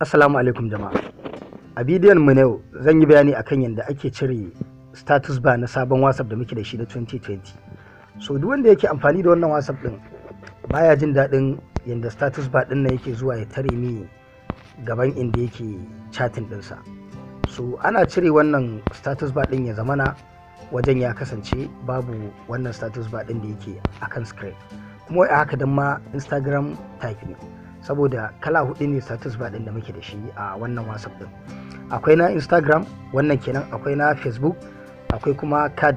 Assalamu alaikum jama'a. A bidiyon mu na yau zan yi bayani akan yadda ake cire status bar na sabon WhatsApp da muke da shi na 2020. So duk wanda yake amfani da wannan WhatsApp din baya jin daɗin yadda status ba din nan yake zuwa ya tare ni gaban inda yake chatting dinsa. So ana cire wannan status ba din ya zamana wajen ya kasance babu wannan status ba din da yake akan screen. Kuma haka dan ma Instagram type ne. saboda kala hudu ne status ba din da muke da shi a wannan whatsapp din akwai na instagram wannan kenan akwai na facebook akwai kuma card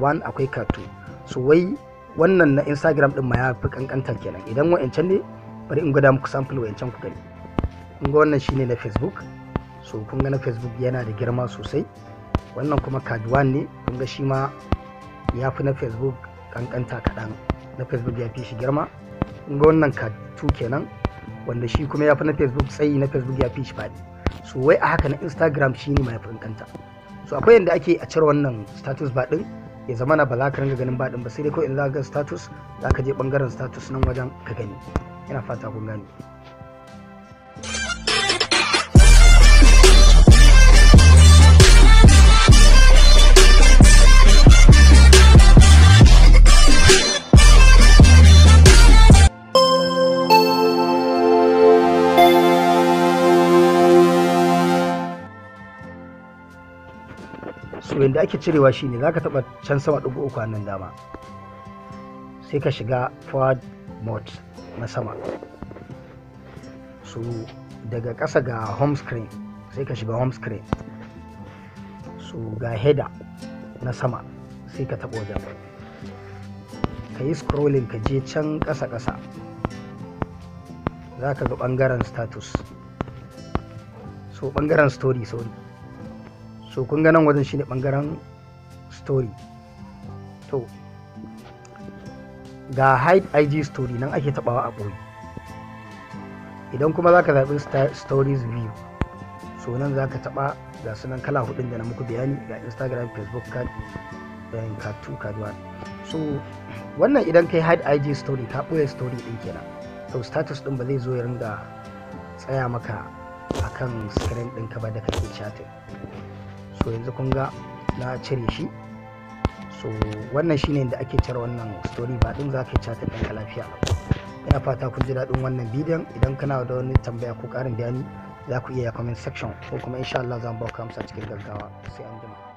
1 akwai card 2 so wai wannan na instagram din ma ya fi kankanta kenan idan wa'ancan ne bari in gwada muku sample wa'ancan ku gani kun ga wannan shine na facebook so kun ga na facebook yana da girma sosai wannan kuma card 1 ne kun ga shi ma ya fi na facebook kankanta kaɗan na facebook ya fi shi girma kun ga wannan card 2 kenan wanda shi kuma ya fi na facebook tsayi na facebook ya fi shi faɗi so wai a haka na instagram shi ne mahaifin kanta so akwai yadda ake a cire wannan status ba ɗin ya zama na ba za ka ringa ganin ba ɗin ba sai dai kawai in za ka ga status za ka je ɓangaren status nan wajen ka gani yana fata kun gani to yadda ake cirewa shine za ka taɓa can sama ɗigo uku nan dama sai ka shiga forward mode na sama so daga ƙasa ga home screen sai ka shiga home screen so ga header na sama sai ka taɓa wajen ka yi scrolling ka je can ƙasa-ƙasa za ka ga ɓangaren status so ɓangaren story sorry so kun ganin wajen shine bangaren story to ga hide ig story nan ake tabawa a ɓoye idan kuma za ka zaɓi stories view so nan za ka taɓa ga sunan kala hudun da na muku bayani ga instagram facebook card bayan card card so wannan idan kai hide ig story ka ɓoye story ɗin kenan to status ɗin ba zai zo ya ringa tsaya maka akan screen ɗinka ba da kake chatting to yanzu kun ga na cire shi so wannan shine da ake cire wannan story ba din za ka ci ta lafiya ina fata kun ji dadin wannan bidiyon idan kana da wani tambaya ko karin bayani za ku iya comment section ko kuma insha Allah zan ku amsa cikin gaggawa sai an jima